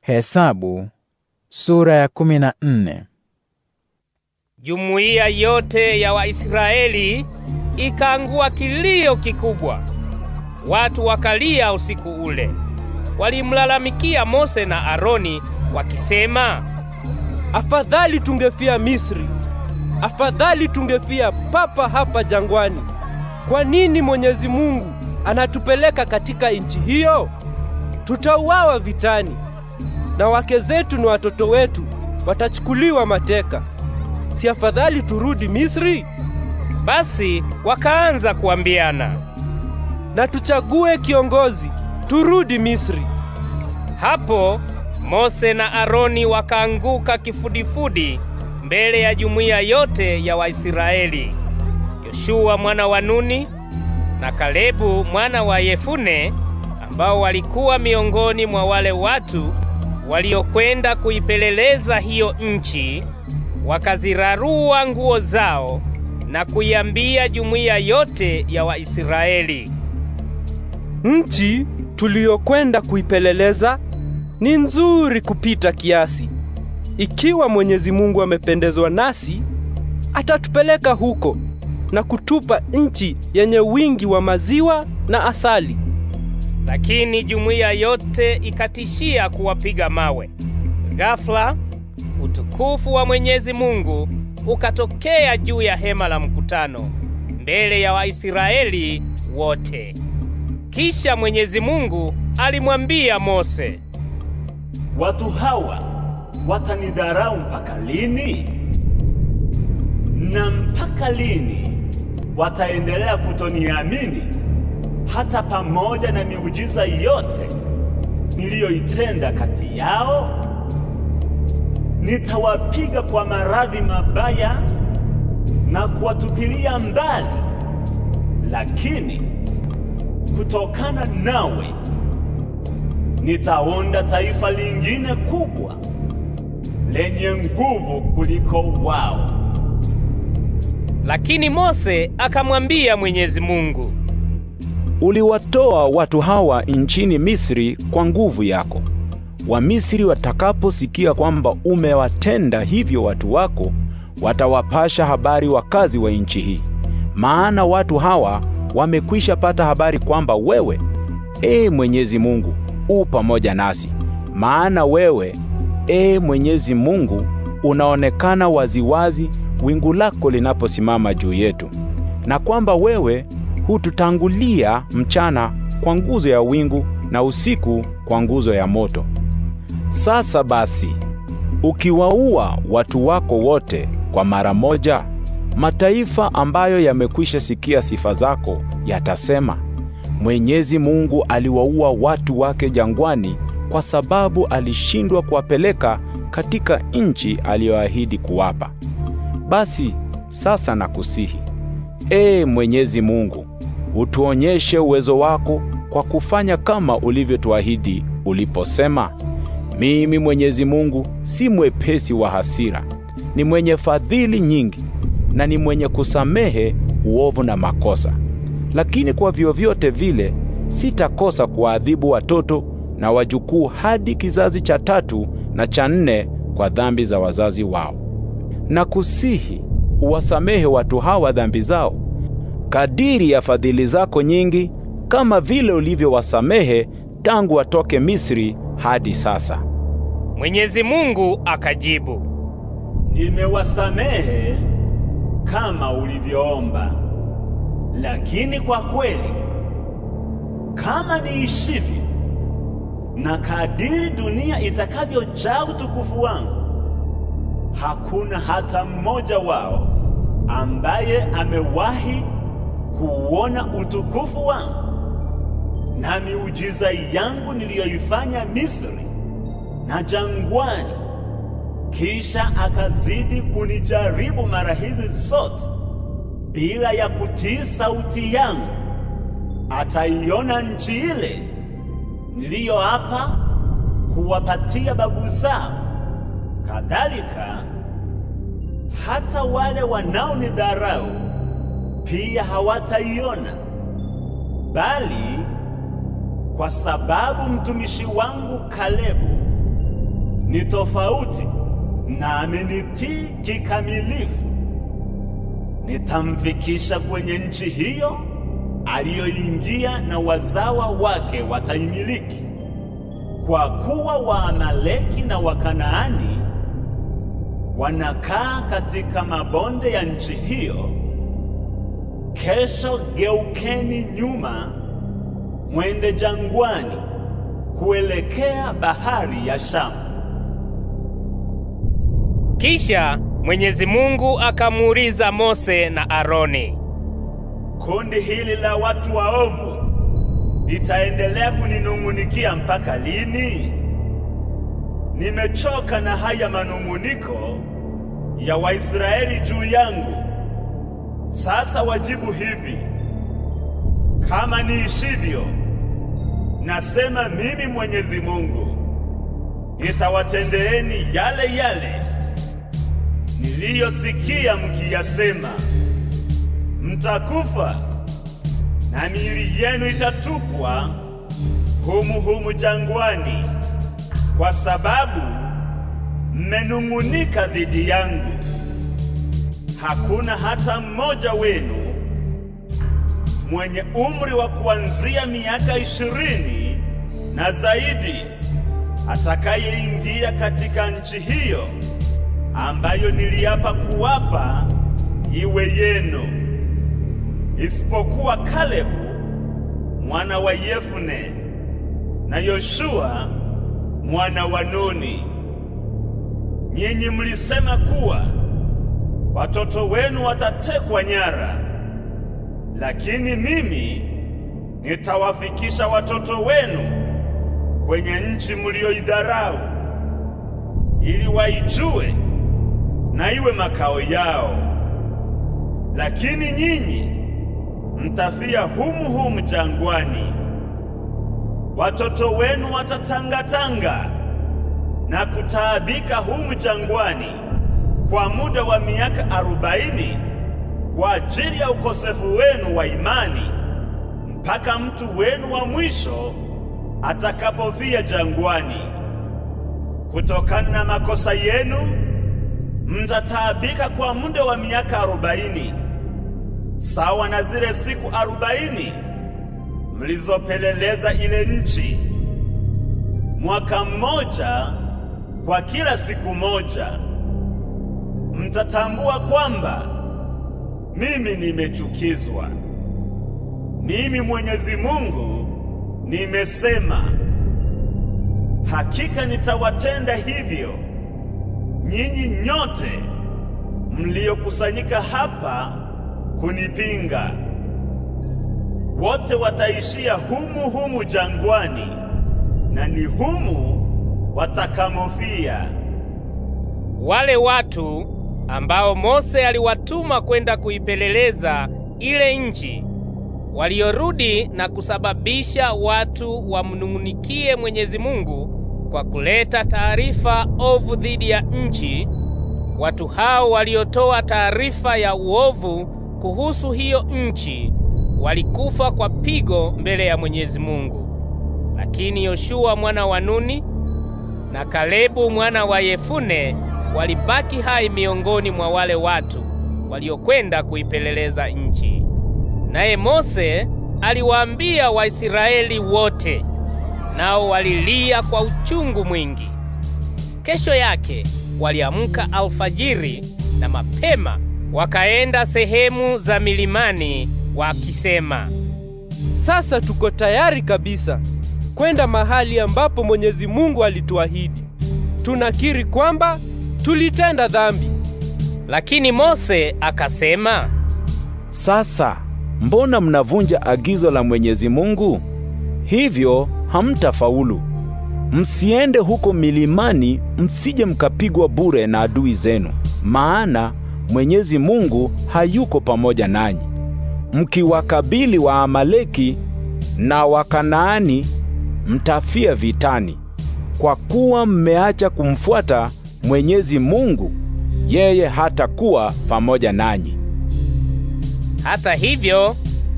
Hesabu sura ya kumi na nne. Jumuiya yote ya Waisraeli ikaangua kilio kikubwa. Watu wakalia usiku ule, walimlalamikia Mose na Aroni wakisema, afadhali tungefia Misri, afadhali tungefia papa hapa jangwani. Kwa nini Mwenyezi Mungu anatupeleka katika nchi hiyo? Tutauawa vitani na wake zetu na watoto wetu watachukuliwa mateka. Si afadhali turudi Misri? Basi wakaanza kuambiana, na tuchague kiongozi, turudi Misri. Hapo Mose na Aroni wakaanguka kifudifudi mbele ya jumuiya yote ya Waisraeli. Yoshua mwana wa Nuni na Kalebu mwana wa Yefune ambao walikuwa miongoni mwa wale watu waliokwenda kuipeleleza hiyo nchi wakazirarua nguo zao na kuiambia jumuiya yote ya Waisraeli, nchi tuliyokwenda kuipeleleza ni nzuri kupita kiasi. Ikiwa Mwenyezi Mungu amependezwa nasi, atatupeleka huko na kutupa nchi yenye wingi wa maziwa na asali lakini jumuiya yote ikatishia kuwapiga mawe. Ghafla utukufu wa Mwenyezi Mungu ukatokea juu ya hema la mkutano mbele ya Waisraeli wote. Kisha Mwenyezi Mungu alimwambia Mose, watu hawa watanidharau mpaka lini? Na mpaka lini wataendelea kutoniamini? hata pamoja na miujiza yote niliyoitenda kati yao, nitawapiga kwa maradhi mabaya na kuwatupilia mbali. Lakini kutokana nawe nitaunda taifa lingine kubwa lenye nguvu kuliko wao. Lakini Mose akamwambia Mwenyezi Mungu, Uliwatoa watu hawa nchini Misri kwa nguvu yako. Wamisri watakaposikia kwamba umewatenda hivyo watu wako, watawapasha habari wakazi wa nchi hii. Maana watu hawa wamekwisha pata habari kwamba wewe, e Mwenyezi Mungu, u pamoja nasi. Maana wewe, e Mwenyezi Mungu, unaonekana waziwazi wingu lako linaposimama juu yetu, na kwamba wewe hututangulia mchana kwa nguzo ya wingu na usiku kwa nguzo ya moto. Sasa basi, ukiwaua watu wako wote kwa mara moja, mataifa ambayo yamekwisha sikia sifa zako yatasema, Mwenyezi Mungu aliwaua watu wake jangwani kwa sababu alishindwa kuwapeleka katika nchi aliyoahidi kuwapa. Basi sasa nakusihi, Ee Mwenyezi Mungu, utuonyeshe uwezo wako kwa kufanya kama ulivyotuahidi uliposema, mimi Mwenyezi Mungu si mwepesi wa hasira, ni mwenye fadhili nyingi na ni mwenye kusamehe uovu na makosa. Lakini kwa vyovyote vile sitakosa kuwaadhibu watoto na wajukuu hadi kizazi cha tatu na cha nne kwa dhambi za wazazi wao. Na kusihi uwasamehe watu hawa dhambi zao kadiri ya fadhili zako nyingi, kama vile ulivyowasamehe tangu watoke Misri hadi sasa. Mwenyezi Mungu akajibu, nimewasamehe kama ulivyoomba. Lakini kwa kweli, kama niishivi na kadiri dunia itakavyojaa utukufu wangu, hakuna hata mmoja wao ambaye amewahi kuona utukufu wangu na miujiza yangu niliyoifanya Misri na jangwani. Kisha akazidi kunijaribu mara hizi zote bila ya kutii sauti yangu. Ataiona nchi ile niliyoapa kuwapatia babu zao. Kadhalika hata wale wanaonidharau pia hawataiona, bali kwa sababu mtumishi wangu Kalebu ni tofauti na amenitii kikamilifu, nitamfikisha kwenye nchi hiyo aliyoingia na wazawa wake wataimiliki, kwa kuwa Waamaleki na Wakanaani wanakaa katika mabonde ya nchi hiyo Kesho geukeni nyuma mwende jangwani kuelekea bahari ya Shamu. Kisha Mwenyezi Mungu akamuuliza Mose na Aroni, kundi hili la watu waovu litaendelea kuninung'unikia mpaka lini? Nimechoka na haya manung'uniko ya Waisraeli juu yangu. Sasa wajibu hivi, kama niishivyo, nasema mimi Mwenyezi Mungu, nitawatendeeni yale yale niliyosikia mkiyasema. Mtakufa na miili yenu itatupwa humu humu jangwani, kwa sababu mmenung'unika dhidi yangu hakuna hata mmoja wenu mwenye umri wa kuanzia miaka ishirini na zaidi atakayeingia katika nchi hiyo ambayo niliapa kuwapa iwe yenu, isipokuwa Kalebu mwana wa Yefune na Yoshua mwana wa Nuni. Nyinyi mlisema kuwa watoto wenu watatekwa nyara, lakini mimi nitawafikisha watoto wenu kwenye nchi mlioidharau, ili waijue na iwe makao yao. Lakini nyinyi mtafia humu humu jangwani. Watoto wenu watatangatanga na kutaabika humu jangwani kwa muda wa miaka arobaini kwa ajili ya ukosefu wenu wa imani mpaka mtu wenu wa mwisho atakapofia jangwani. Kutokana na makosa yenu mtataabika kwa muda wa miaka arobaini sawa na zile siku arobaini mlizopeleleza ile nchi, mwaka mmoja kwa kila siku moja mtatambua kwamba mimi nimechukizwa. Mimi Mwenyezi Mungu nimesema, hakika nitawatenda hivyo nyinyi nyote mliokusanyika hapa kunipinga. Wote wataishia humu humu jangwani, na ni humu watakamofia. Wale watu ambao Mose aliwatuma kwenda kuipeleleza ile nchi, waliorudi na kusababisha watu wamnung'unikie Mwenyezi Mungu kwa kuleta taarifa ovu dhidi ya nchi. Watu hao waliotoa taarifa ya uovu kuhusu hiyo nchi walikufa kwa pigo mbele ya Mwenyezi Mungu. Lakini Yoshua mwana wa Nuni na Kalebu mwana wa Yefune walibaki hai miongoni mwa wale watu waliokwenda kuipeleleza nchi. Naye Mose aliwaambia Waisraeli wote, nao walilia kwa uchungu mwingi. Kesho yake waliamka alfajiri na mapema, wakaenda sehemu za milimani wakisema, sasa tuko tayari kabisa kwenda mahali ambapo Mwenyezi Mungu alituahidi. Tunakiri kwamba tulitenda dhambi. Lakini Mose akasema, sasa mbona mnavunja agizo la Mwenyezi Mungu? Hivyo hamtafaulu. Msiende huko milimani, msije mkapigwa bure na adui zenu, maana Mwenyezi Mungu hayuko pamoja nanyi. Mkiwakabili wa Amaleki na Wakanaani mtafia vitani, kwa kuwa mmeacha kumfuata Mwenyezi Mungu yeye hatakuwa pamoja nanyi. Hata hivyo,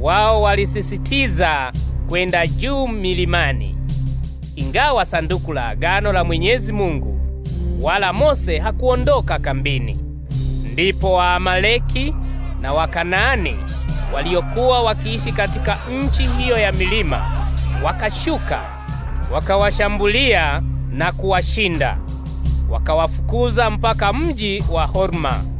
wao walisisitiza kwenda juu milimani, ingawa sanduku la agano la Mwenyezi Mungu wala Mose hakuondoka kambini. Ndipo Waamaleki na Wakanaani waliokuwa wakiishi katika nchi hiyo ya milima wakashuka, wakawashambulia na kuwashinda wakawafukuza mpaka mji wa Horma.